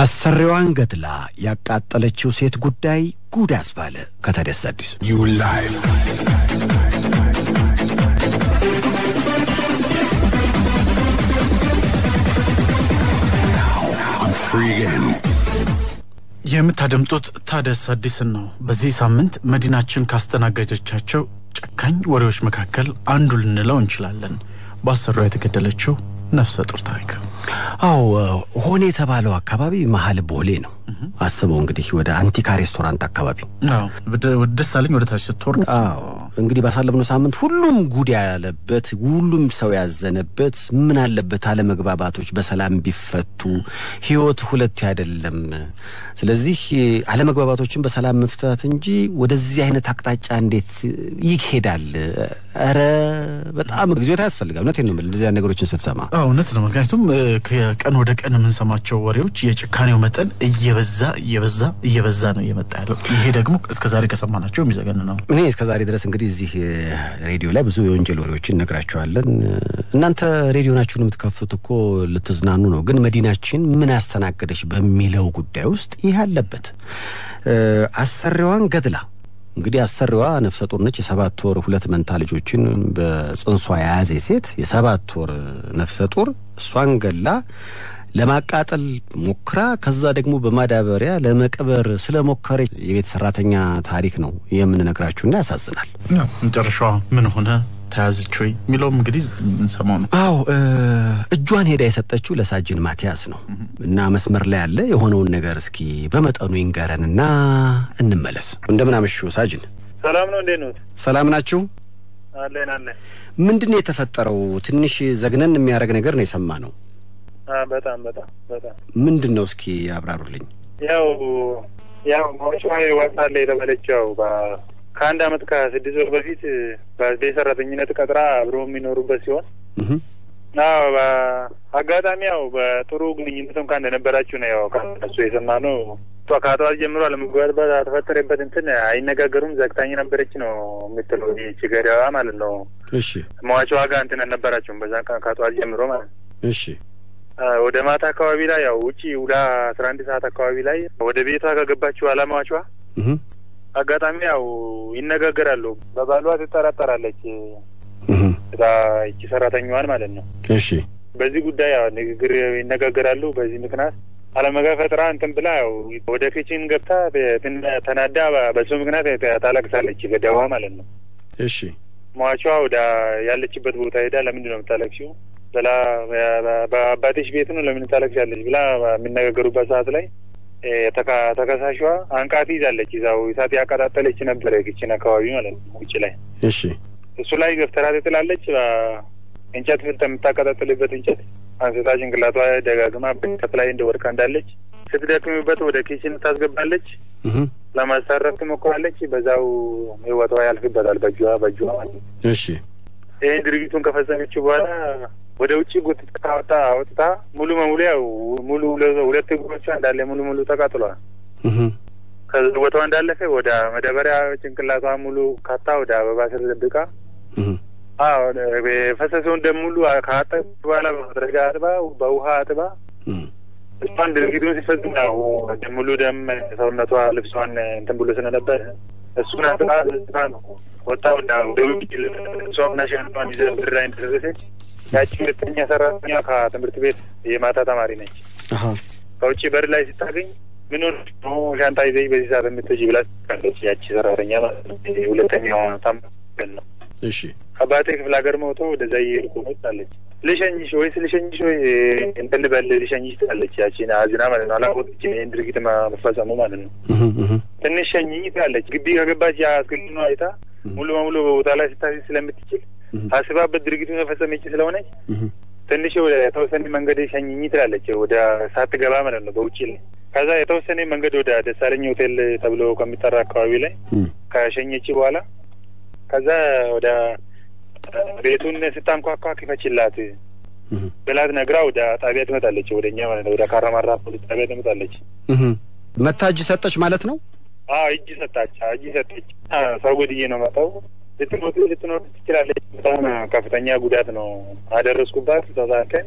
አሰሪዋን ገድላ ያቃጠለችው ሴት ጉዳይ ጉድ አስባለ። ከተደስ አዲሱ የምታደምጡት ታደስ አዲስን ነው። በዚህ ሳምንት መዲናችን ካስተናገደቻቸው ጨካኝ ወሬዎች መካከል አንዱ ልንለው እንችላለን። በአሰሪዋ የተገደለችው ነፍሰ ጡር ታሪክ? አው ሆኔ የተባለው አካባቢ መሀል ቦሌ ነው። አስበው እንግዲህ ወደ አንቲካ ሬስቶራንት አካባቢ አለኝ ወደ ታች ስትወርድ እንግዲህ ባሳለፍነው ሳምንት ሁሉም ጉድ ያለበት ሁሉም ሰው ያዘነበት ምን አለበት አለመግባባቶች በሰላም ቢፈቱ፣ ህይወት ሁለት አይደለም። ስለዚህ አለመግባባቶችን በሰላም መፍታት እንጂ ወደዚህ አይነት አቅጣጫ እንዴት ይሄዳል? ረ በጣም ጊዜ ያስፈልጋል። እውነት ነው የምልህ ነገሮችን ስትሰማ። እውነት ነው። ምክንያቱም ከቀን ወደ ቀን የምንሰማቸው ወሬዎች የጭካኔው መጠን እየበዛ እየበዛ እየበዛ ነው እየመጣ ያለው። ይሄ ደግሞ እስከዛሬ ናቸው የሚዘገን ነው። እኔ እስከዛሬ ድረስ እንግዲህ እንግዲህ እዚህ ሬዲዮ ላይ ብዙ የወንጀል ወሬዎችን ነግራችኋለን። እናንተ ሬዲዮ ናችሁን የምትከፍቱት እኮ ልትዝናኑ ነው። ግን መዲናችን ምን አስተናገደች በሚለው ጉዳይ ውስጥ ይህ አለበት። አሰሪዋን ገድላ እንግዲህ አሰሪዋ ነፍሰ ጡር ነች። የሰባት ወር ሁለት መንታ ልጆችን በጽንሷ የያዘ ሴት የሰባት ወር ነፍሰ ጡር እሷን ገላ ለማቃጠል ሞክራ ከዛ ደግሞ በማዳበሪያ ለመቅበር ስለሞከረ የቤት ሰራተኛ ታሪክ ነው የምንነግራችሁና ያሳዝናል። መጨረሻ ምን ሆነ? ተያዘች ወይ የሚለውም እንግዲህ እንሰማው ነው። አዎ እጇን ሄዳ የሰጠችው ለሳጅን ማቲያስ ነው እና መስመር ላይ ያለ የሆነውን ነገር እስኪ በመጠኑ ይንገረንና እንመለስ። እንደምን አመሹ ሳጅን? ሰላም ነው። እንዴ ነው? ሰላም ናችሁ? አለን አለን። ምንድን ነው የተፈጠረው? ትንሽ ዘግነን የሚያደርግ ነገር ነው የሰማ ነው በጣም በጣም በጣም ምንድን ነው? እስኪ ያብራሩልኝ። ያው ያው ማዋጮ ወጣለ የተባለችው ከአንድ አመት ከስድስት ወር በፊት በቤት ሰራተኝነት ቀጥራ አብሮ የሚኖሩበት ሲሆን አጋጣሚ ያው በጥሩ ግንኙነትም እንኳን እንደነበራችሁ ነው ያው ከሱ የሰማ ነው የሰማነው። ከጠዋት ጀምሮ አለመግባባት በተፈጠረበት እንትን አይነጋገሩም። ዘግታኝ ነበረች ነው የምትለው ችገሪዋ ማለት ነው። እሺ መዋጮ ዋጋ እንትን አልነበራችሁም በዛ ከጠዋት ጀምሮ ማለት ነው። እሺ ወደ ማታ አካባቢ ላይ ያው ውጪ ውላ አስራ አንድ ሰዓት አካባቢ ላይ ወደ ቤቷ ከገባችው አላማዋቿ አጋጣሚ ያው ይነጋገራሉ። በባሏ ትጠራጠራለች እቺ ሰራተኛዋን ማለት ነው። እሺ በዚህ ጉዳይ ያው ንግግር ይነጋገራሉ። በዚህ ምክንያት አለመጋ ፈጥራ እንትን ብላ ያው ወደ ኪችን ገብታ ተናዳ በሱ ምክንያት ታለቅሳለች። ገዳዋ ማለት ነው። እሺ ሟቿ ወደ ያለችበት ቦታ ሄዳ ለምንድን ነው የምታለቅሽው? ብላ በአባትሽ ቤት ነው ለምን ታለቅሻለች ብላ የሚነጋገሩበት ሰዓት ላይ ተከሳሽዋ አንቃ ይዛለች ይዛው እሳት ያቀጣጠለች ነበረ ግችን አካባቢ ማለት ነው ውጭ ላይ። እሺ እሱ ላይ ገፍተራት ትላለች እንጨት የምታቀጣጥልበት እንጨት አንስታ ጭንቅላቷ ደጋግማ በእንጨት ላይ እንደ ወድቃ እንዳለች ስትደክምበት ወደ ኪችን ታስገባለች። ለማሳረፍ ትሞክራለች። በዛው ህይወቷ ያልፍበታል በእጇ በእጇ ማለት ነው። እሺ ይህን ድርጊቱን ከፈጸመችው በኋላ ወደ ውጭ ጉትታ ወጣ ወጥታ ሙሉ መሙሉ ያው ሙሉ ሁለት እግሮቿ እንዳለ ሙሉ ሙሉ ተቃጥሏል። ከዚህ ቦታዋ እንዳለፈ ወደ መደበሪያ ጭንቅላቷ ሙሉ ካታ ወደ አበባ ስር ደብቃ የፈሰሰውን ደም ሙሉ ከአጠብ በኋላ በመድረጃ አጥባ በውሃ አጥባ እሷን ድርጊቱን ሲፈጽም ያው ሙሉ ደም ሰውነቷ ልብሷን እንትን ብሎ ስለነበር እሱን አጥባ ስታ ነው ወጣ ወደ ውጭ ልብሷ ምናሸንቷን ይዘ ብራ እንደደረሰች ያቺ ሁለተኛ ሰራተኛ ከትምህርት ቤት የማታ ተማሪ ነች። ከውጭ በር ላይ ስታገኝ ምን ነው ሻንጣ ይዘሽ በዚህ ሰዓት የምትሄጂ ብላ ካለች ያቺ ሰራተኛ ሁለተኛ ነው። ነው። እሺ አባቴ ክፍለ ሀገር መውጦ ወደዛ እየሄድኩ ነው ትላለች። ልሸኝሽ ወይስ ልሸኝሽ ወይ እንትን ልበል ልሸኝሽ ትላለች። ያቺን አዝና ማለት ነው። አላወቅች ይህን ድርጊት መፈጸሙ ማለት ነው። ትንሽ ሸኝኝ ትላለች። ግቢ ከገባች ያ አስክልኗ አይታ ሙሉ በሙሉ በቦታ ላይ ስታ ስለምትችል ታስባበት ድርጊቱ መፈጸም ይቺ ስለሆነች ትንሽ ወደ የተወሰነ መንገድ ሸኝኝ ትላለች። ወደ ገባ ማለት ነው በውጭ ላይ ከዛ የተወሰነ መንገድ ወደ ደሳለኝ ሆቴል ተብሎ ከሚጠራ አካባቢ ላይ ከሸኘች በኋላ ከዛ ወደ ቤቱን ስታንኳኳ ክፈችላት ብላት ነግራ ወደ ጣቢያ ትመጣለች። ወደ እኛ ማለት ነው ወደ ካራማራ ፖሊስ ጣቢያ ትመጣለች። መታ እጅ ሰጠች ማለት ነው። እጅ ሰጣች፣ እጅ ሰጠች። ሰው ጎድዬ ነው መጣው ልትሞት ልትኖር ትችላለች። በጣም ከፍተኛ ጉዳት ነው አደረስኩባት። ተዛከን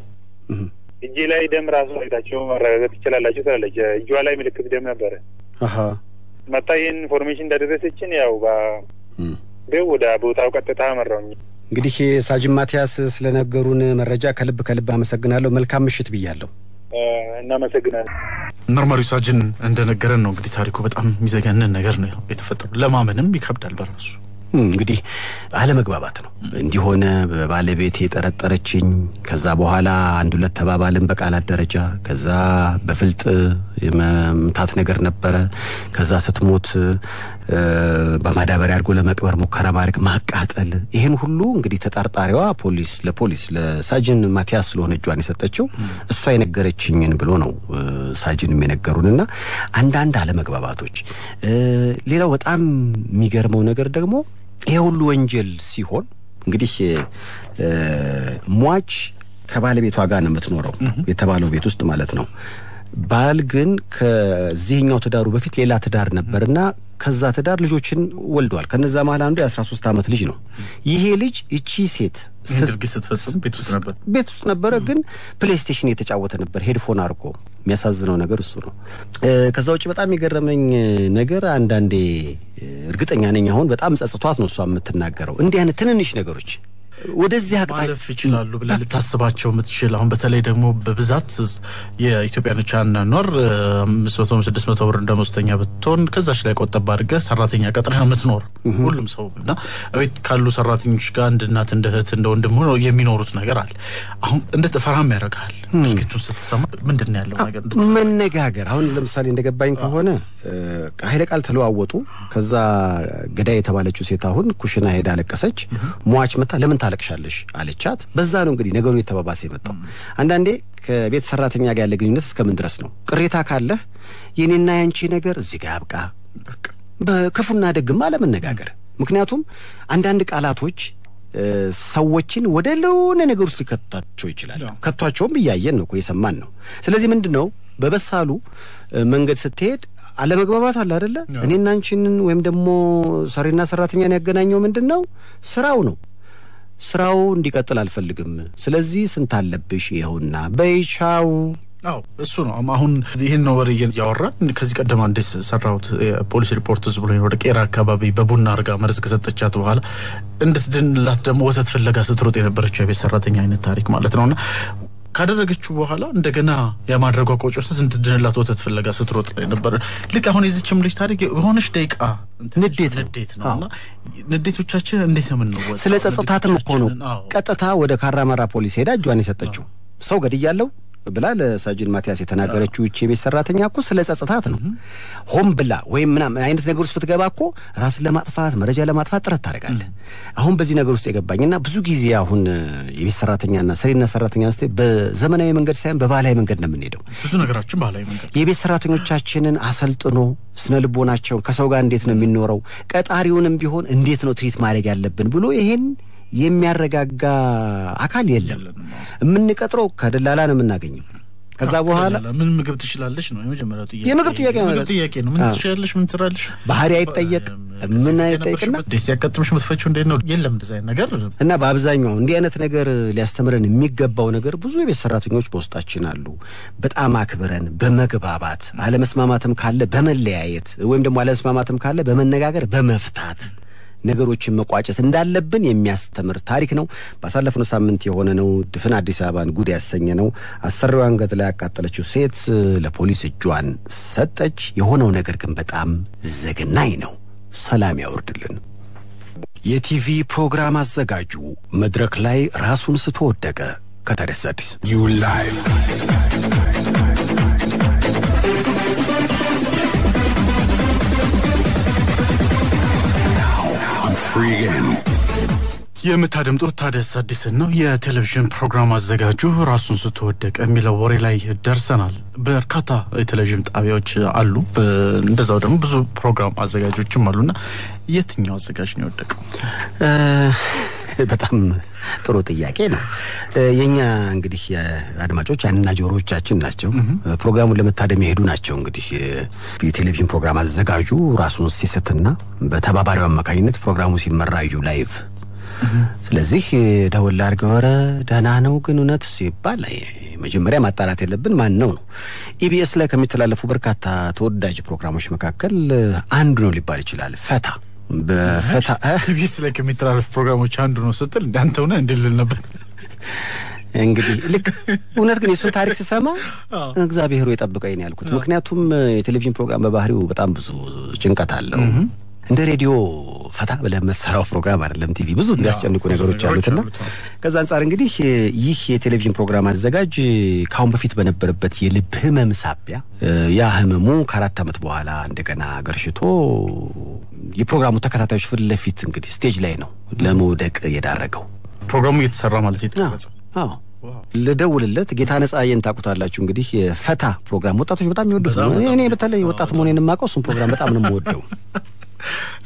እጄ ላይ ደም ራሱ አይታችሁ መረጋገጥ ትችላላችሁ ትላለች። እጇ ላይ ምልክት ደም ነበረ። መጣ ይህን ኢንፎርሜሽን እንዳደረሰችን ያው በ ወደ ቦታው ቀጥታ መራውኝ። እንግዲህ ሳጅን ማቲያስ ስለነገሩን መረጃ ከልብ ከልብ አመሰግናለሁ። መልካም ምሽት ብያለሁ። እናመሰግናለን። መርማሪው ሳጅን እንደነገረን ነው እንግዲህ ታሪኩ በጣም የሚዘገንን ነገር ነው የተፈጠረው። ለማመንም ይከብዳል በራሱ እንግዲህ አለመግባባት ነው እንዲሆነ ባለቤት የጠረጠረችኝ። ከዛ በኋላ አንድ ሁለት ተባባልን በቃላት ደረጃ። ከዛ በፍልጥ የመምታት ነገር ነበረ። ከዛ ስትሞት በማዳበሪያ አድርጎ ለመቅበር ሙከራ ማድረግ፣ ማቃጠል፣ ይህን ሁሉ እንግዲህ ተጠርጣሪዋ ፖሊስ ለፖሊስ ለሳጅን ማቲያስ ስለሆነ እጇን የሰጠችው እሷ የነገረችኝን ብሎ ነው ሳጅንም የነገሩንና አንዳንድ አለመግባባቶች። ሌላው በጣም የሚገርመው ነገር ደግሞ ይሄ ሁሉ ወንጀል ሲሆን እንግዲህ ሟች ከባለቤቷ ጋር ነው የምትኖረው የተባለው ቤት ውስጥ ማለት ነው። ባል ግን ከዚህኛው ትዳሩ በፊት ሌላ ትዳር ነበርና ከዛ ትዳር ልጆችን ወልዷል። ከነዛ መሀል አንዱ የአስራ ሶስት ዓመት ልጅ ነው። ይሄ ልጅ እቺ ሴት ድርጊት ስትፈጽም ቤት ውስጥ ነበር ቤት ውስጥ ነበረ፣ ግን ፕሌይስቴሽን የተጫወተ ነበር ሄድፎን አድርጎ። የሚያሳዝነው ነገር እሱ ነው። ከዛ ውጭ በጣም የገረመኝ ነገር አንዳንዴ እርግጠኛ ነኝ አሁን በጣም ጸጽቷት ነው እሷ የምትናገረው። እንዲህ አይነት ትንንሽ ነገሮች ወደዚህ አቅጣጫ ማለፍ ይችላሉ ብለህ ልታስባቸው የምትችል አሁን በተለይ ደግሞ በብዛት የኢትዮጵያኖች አኗኗር አምስት መቶ ስድስት መቶ ብር እንደመስተኛ መስተኛ ብትሆን ከዛች ላይ ቆጠብ አድርገህ ሰራተኛ ቀጥረህ ነው የምትኖር ሁሉም ሰው እና ቤት ካሉ ሰራተኞች ጋር እንደ እናት እንደ እህት እንደ ወንድም ሆኖ የሚኖሩት ነገር አለ። አሁን እንደ ተፈራም ያደርግሃል። ድርጊቱን ስትሰማ ምንድን ነው ያለው ነገር መነጋገር አሁን ለምሳሌ እንደገባኝ ከሆነ ኃይለ ቃል ተለዋወጡ። ከዛ ገዳይ የተባለችው ሴት አሁን ኩሽና ሄዳ አለቀሰች። ሟች መታ ለምን ታለቅሻለሽ አለቻት። በዛ ነው እንግዲህ ነገሩ የተባባሰ የመጣው። አንዳንዴ ከቤት ሰራተኛ ጋር ያለ ግንኙነት እስከምን ድረስ ነው? ቅሬታ ካለህ የኔና ያንቺ ነገር እዚህ ጋር አብቃ፣ በክፉና ደግማ ለመነጋገር ምክንያቱም አንዳንድ ቃላቶች ሰዎችን ወደ ለሆነ ነገር ውስጥ ሊከታቸው ይችላል። ከቷቸውም እያየን ነው፣ የሰማን ነው። ስለዚህ ምንድን ነው በበሳሉ መንገድ ስትሄድ አለመግባባት አለ አደለ? እኔና አንቺንን ወይም ደግሞ ሰሪና ሰራተኛን ያገናኘው ምንድን ነው? ስራው ነው። ስራው እንዲቀጥል አልፈልግም። ስለዚህ ስንት አለብሽ? ይኸውና በይቻው አዎ እሱ ነው። አሁን ይህን ነው ወሬ እያወራን ከዚህ ቀደም አንድ ሰራሁት ፖሊስ ሪፖርት ዝ ብሎ ወደ ቄራ አካባቢ በቡና አርጋ መርዝ ከሰጠቻት በኋላ እንድትድንላት ደግሞ ወተት ፍለጋ ስትሮጥ የነበረችው የቤት ሰራተኛ አይነት ታሪክ ማለት ነውና ካደረገችው በኋላ እንደገና የማድረጓ ስት እንድድንላት ወተት ፍለጋ ስትሮጥ ነበር። ልክ አሁን የዚችም ልጅ ታሪክ የሆነች ደቂቃ ንዴት ንዴት ነው ንዴቶቻችን እንዴት ነው ስለ ጸጥታትም እኮ ነው ቀጥታ ወደ ካራማራ ፖሊስ ሄዳ እጇን የሰጠችው ሰው ገድያለው ብላ ለሳጅን ማቲያስ የተናገረችው ይቺ የቤት ሰራተኛ እኮ ስለ ጸጽታት ነው። ሆም ብላ ወይም ምናምን አይነት ነገር ውስጥ ብትገባ እኮ ራስን ለማጥፋት መረጃ ለማጥፋት ጥረት ታደርጋለህ። አሁን በዚህ ነገር ውስጥ የገባኝና ብዙ ጊዜ አሁን የቤት ሰራተኛና ሰሪና ሰራተኛ ስ በዘመናዊ መንገድ ሳይሆን በባህላዊ መንገድ ነው የምንሄደው። ብዙ ነገራችን ባህላዊ መንገድ የቤት ሰራተኞቻችንን አሰልጥኖ ስነ ልቦናቸውን ከሰው ጋር እንዴት ነው የሚኖረው፣ ቀጣሪውንም ቢሆን እንዴት ነው ትሪት ማድረግ ያለብን ብሎ ይሄን የሚያረጋጋ አካል የለም። የምንቀጥረው ከደላላ ነው የምናገኘው። ከዛ በኋላ ምን ምግብ ትችላለሽ ነው የመጀመሪያው ጥያቄ። የምግብ ጥያቄ ነው ጥያቄ ነው። ምን ትችላለሽ፣ ምን ትራለሽ፣ ባህሪ አይጠየቅ፣ ምን አይጠየቅና ሲያጋጥምሽ የምትፈችው እንዴት ነው? የለም እንደዚ ነገር እና በአብዛኛው እንዲህ አይነት ነገር ሊያስተምረን የሚገባው ነገር ብዙ የቤት ሰራተኞች በውስጣችን አሉ። በጣም አክብረን በመግባባት አለመስማማትም ካለ በመለያየት ወይም ደግሞ አለመስማማትም ካለ በመነጋገር በመፍታት ነገሮችን መቋጨት እንዳለብን የሚያስተምር ታሪክ ነው። ባሳለፍነው ሳምንት የሆነ ነው። ድፍን አዲስ አበባን ጉድ ያሰኘ ነው። አሰሪዋ አንገት ላይ ያቃጠለችው ሴት ለፖሊስ እጇን ሰጠች። የሆነው ነገር ግን በጣም ዘግናኝ ነው። ሰላም ያወርድልን። የቲቪ ፕሮግራም አዘጋጁ መድረክ ላይ ራሱን ስቶ ወደቀ። ከታዲያስ አዲስ ዩ የምታደምጡት ታደስ አዲስን ነው። የቴሌቪዥን ፕሮግራም አዘጋጁ ራሱን ስቶ የሚለው ወሬ ላይ ደርሰናል። በርካታ የቴሌቪዥን ጣቢያዎች አሉ፣ እንደዛው ደግሞ ብዙ ፕሮግራም አዘጋጆችም አሉና የትኛው አዘጋጅ ነው የወደቀው? በጣም ጥሩ ጥያቄ ነው። የኛ እንግዲህ አድማጮች ያንና ጆሮዎቻችን ናቸው። ፕሮግራሙን ለመታደም የሄዱ ናቸው። እንግዲህ የቴሌቪዥን ፕሮግራም አዘጋጁ ራሱን ሲስትና በተባባሪው አማካኝነት ፕሮግራሙ ሲመራዩ ላይቭ ስለዚህ ደወል አድርገው ኧረ ደህና ነው ግን እውነት ሲባል መጀመሪያ ማጣራት ያለብን ማን ነው ነው። ኢቢኤስ ላይ ከሚተላለፉ በርካታ ተወዳጅ ፕሮግራሞች መካከል አንዱ ነው ሊባል ይችላል። ፈታ በፈታ ኢቢኤስ ላይ ከሚተላለፍ ፕሮግራሞች አንዱ ነው ስትል እንዳንተ ሆነ እንድልል ነበር። እንግዲህ ልክ እውነት ግን የእሱን ታሪክ ስሰማ እግዚአብሔሩ የጠብቀኝ ያልኩት። ምክንያቱም የቴሌቪዥን ፕሮግራም በባህሪው በጣም ብዙ ጭንቀት አለው። እንደ ሬዲዮ ፈታ ብለ መሰራው ፕሮግራም አይደለም። ቲቪ ብዙ የሚያስጨንቁ ነገሮች አሉትና ከዛ አንጻር እንግዲህ ይህ የቴሌቪዥን ፕሮግራም አዘጋጅ ካሁን በፊት በነበረበት የልብ ህመም ሳቢያ ያ ህመሙ ከአራት ዓመት በኋላ እንደገና ገርሽቶ የፕሮግራሙ ተከታታዮች ፊት ለፊት እንግዲህ ስቴጅ ላይ ነው ለመውደቅ የዳረገው። ፕሮግራሙ እየተሰራ ማለት የተቀረጸ ልደውልለት ጌታ ነጻዬን ታውቁታላችሁ። እንግዲህ የፈታ ፕሮግራም ወጣቶች በጣም ይወዱት ነው። እኔ በተለይ ወጣት መሆኔን የማውቀው እሱን ፕሮግራም በጣም ነው የምወደው።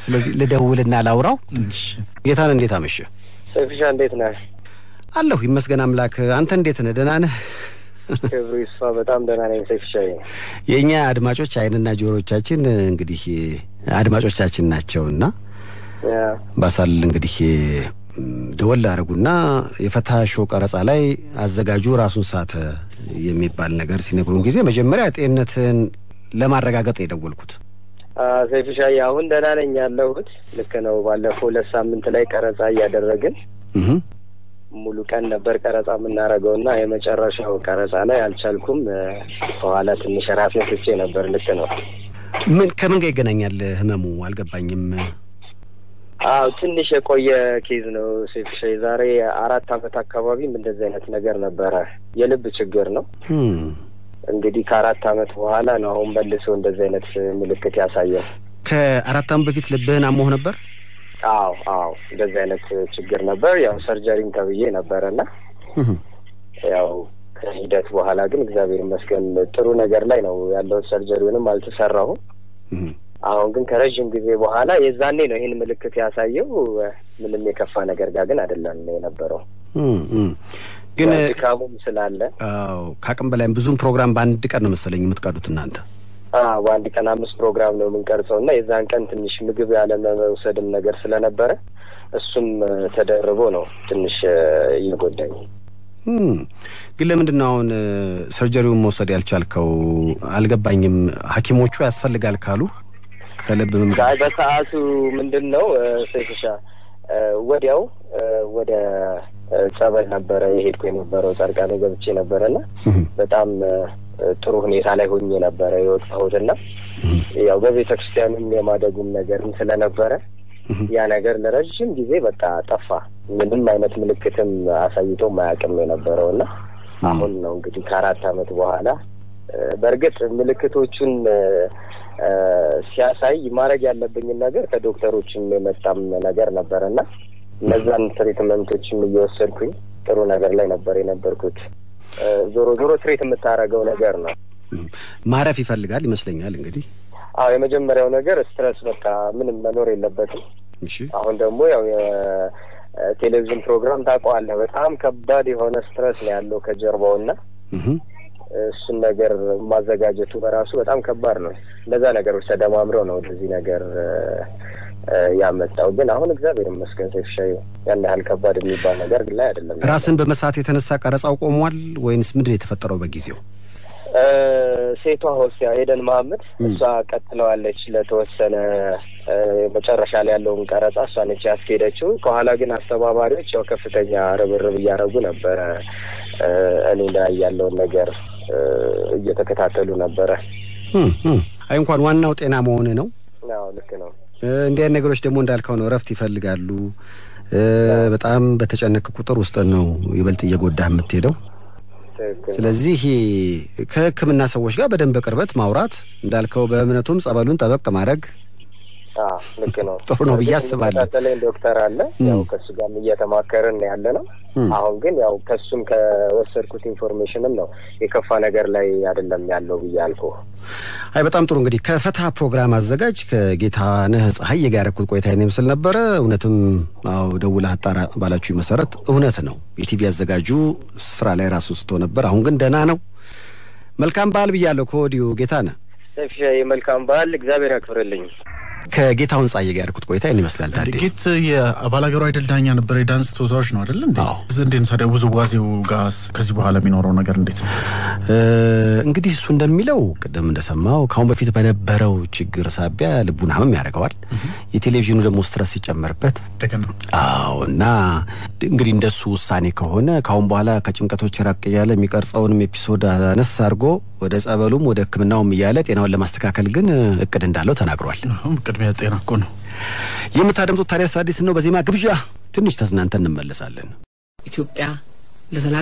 ስለዚህ ልደውልና ላውራው። ጌታን እንዴት አመሸ? ሰይፍሻ እንዴት ነህ? አለሁ ይመስገን አምላክ። አንተ እንዴት ነህ? ደህና ነህ? ክብሩ ይስፋ። በጣም ደህና ነኝ ሰይፍሻ። የእኛ አድማጮች አይንና ጆሮቻችን እንግዲህ አድማጮቻችን ናቸውና ባሳል እንግዲህ ደወል አደረጉና የፈታ ሾው ቀረጻ ላይ አዘጋጁ ራሱን ሳተ የሚባል ነገር ሲነግሩን ጊዜ መጀመሪያ ጤንነትን ለማረጋገጥ የደወልኩት ሴፍሻ አሁን ደህና ነኝ ያለሁት። ልክ ነው። ባለፈው ሁለት ሳምንት ላይ ቀረጻ እያደረግን ሙሉ ቀን ነበር ቀረጻ የምናደርገው እና የመጨረሻው ቀረጻ ላይ አልቻልኩም። በኋላ ትንሽ ራሴ ስቼ ነበር። ልክ ነው። ምን ከምን ጋር ይገናኛል ህመሙ? አልገባኝም። አው ትንሽ የቆየ ኬዝ ነው ሴፍሻ። ዛሬ አራት አመት አካባቢም እንደዚህ አይነት ነገር ነበረ። የልብ ችግር ነው። እንግዲህ ከአራት አመት በኋላ ነው አሁን መልሶ እንደዚህ አይነት ምልክት ያሳየው። ከአራት አመት በፊት ልብህን አሞህ ነበር? አዎ አዎ፣ እንደዚህ አይነት ችግር ነበር። ያው ሰርጀሪም ተብዬ ነበረና ያው ከሂደት በኋላ ግን እግዚአብሔር ይመስገን ጥሩ ነገር ላይ ነው ያለውን። ሰርጀሪውንም አልተሰራሁም። አሁን ግን ከረዥም ጊዜ በኋላ የዛኔ ነው ይህን ምልክት ያሳየው። ምንም የከፋ ነገር ጋር ግን አይደለም የነበረው። ግን ድካሙም ስላለ አዎ ከአቅም በላይም ብዙም ፕሮግራም በአንድ ቀን ነው መሰለኝ የምትቀዱት እናንተ? አዎ በአንድ ቀን አምስት ፕሮግራም ነው የምንቀርጸው እና የዛን ቀን ትንሽ ምግብ ያለመውሰድም ነገር ስለነበረ እሱም ተደርቦ ነው ትንሽ እየጎዳኝ ግን ለምንድን ነው አሁን ሰርጀሪውን መውሰድ ያልቻልከው? አልገባኝም። ሀኪሞቹ ያስፈልጋል ካሉ ከልብ ምም በሰአቱ ምንድን ነው ሴሻ ወዲያው ወደ ጸበል ነበረ የሄድኩ የነበረው ጸርቃ ላይ ገብቼ ነበረ ና በጣም ጥሩ ሁኔታ ላይ ሆኜ ነበረ የወጣሁት ና ያው በቤተ ክርስቲያንም የማደጉም ነገርም ስለነበረ ያ ነገር ለረዥም ጊዜ በቃ ጠፋ። ምንም አይነት ምልክትም አሳይቶ ማያውቅም የነበረው ና አሁን ነው እንግዲህ ከአራት ዓመት በኋላ በእርግጥ ምልክቶቹን ሲያሳይ ማድረግ ያለብኝን ነገር ከዶክተሮችም የመጣም ነገር ነበረና እነዛን ትሪትመንቶችም እየወሰድኩኝ ጥሩ ነገር ላይ ነበር የነበርኩት። ዞሮ ዞሮ ትሬት የምታረገው ነገር ነው። ማረፍ ይፈልጋል ይመስለኛል። እንግዲህ አዎ፣ የመጀመሪያው ነገር ስትረስ በቃ ምንም መኖር የለበትም። አሁን ደግሞ ያው የቴሌቪዥን ፕሮግራም ታውቀዋለህ፣ በጣም ከባድ የሆነ ስትረስ ነው ያለው ከጀርባው እና እሱን ነገር ማዘጋጀቱ በራሱ በጣም ከባድ ነው። እንደዛ ነገሮች ተደማምረው ነው ወደዚህ ነገር ያመጣው። ግን አሁን እግዚአብሔር ይመስገን ሴፍሻ ያን ያህል ከባድ የሚባል ነገር ላይ አይደለም። ራስን በመሳት የተነሳ ቀረጻው ቆሟል ወይንስ ምንድን የተፈጠረው በጊዜው? ሴቷ ሆስያ ሄደን መሀመድ እሷ ቀጥለዋለች ለተወሰነ መጨረሻ ላይ ያለውን ቀረጻ እሷ ነች ያስኬደችው። ከኋላ ግን አስተባባሪዎች ያው ከፍተኛ ርብርብ እያደረጉ ነበረ እኔ ላይ ያለውን ነገር እየተከታተሉ ነበረ። አይ እንኳን ዋናው ጤና መሆን ነው። ልክ ነው። እንዲህ አይነት ነገሮች ደግሞ እንዳልከው ነው፣ እረፍት ይፈልጋሉ። በጣም በተጨነቅ ቁጥር ውስጥ ነው ይበልጥ እየጎዳህ የምትሄደው። ስለዚህ ከሕክምና ሰዎች ጋር በደንብ በቅርበት ማውራት እንዳልከው፣ በእምነቱም ጸበሉን ጠበቅ ማድረግ ልክ ነው። ጥሩ ነው ብዬ አስባለሁ። ተለይ ዶክተር አለ ያው ከእሱ ጋርም እየተማከርን ያለ ነው። አሁን ግን ያው ከሱም ከወሰድኩት ኢንፎርሜሽንም ነው የከፋ ነገር ላይ አይደለም ያለው ብዬ አልኩ። አይ በጣም ጥሩ እንግዲህ ከፈታ ፕሮግራም አዘጋጅ ከጌታነህ ፀሐይ ጋር ያደረኩት ቆይታ ይህን ይመስል ነበረ። እውነትም አው ደውለህ አጣራ ባላችሁ መሰረት እውነት ነው። የቲቪ አዘጋጁ ስራ ላይ ራሱ ስቶ ነበር። አሁን ግን ደህና ነው። መልካም በዓል ብያለሁ ከወዲሁ ጌታነህ ሰፊ የመልካም በዓል እግዚአብሔር ያክብርልኝ። ከጌታ ጻዬ ጋር ያደርኩት ቆይታ ይህን ይመስላል። ታዲያ ጌት የአባል ሀገሩ አይደል ዳኛ ነበር፣ የዳንስ ተወዛዋዥ ነው አይደል እንዴ? እንዴት ታዲያ ውዝዋዜው ጋር ከዚህ በኋላ የሚኖረው ነገር እንዴት ነው? እንግዲህ እሱ እንደሚለው ቅድም እንደሰማው ከአሁን በፊት በነበረው ችግር ሳቢያ ልቡን ሀመም ያደርገዋል። የቴሌቪዥኑ ደግሞ ስትረስ ሲጨመርበት፣ አዎ እና እንግዲህ እንደሱ ውሳኔ ከሆነ ከአሁን በኋላ ከጭንቀቶች ራቅ እያለ የሚቀርጸውንም ኤፒሶድ አነስ አድርጎ ወደ ጸበሉም ወደ ሕክምናውም እያለ ጤናውን ለማስተካከል ግን እቅድ እንዳለው ተናግሯል። ቅድሚያ ጤና እኮ ነው የምታደምጡት። ታዲያ አዲስ ነው በዜማ ግብዣ ትንሽ ተዝናንተን እንመለሳለን። ኢትዮጵያ ለዘላለም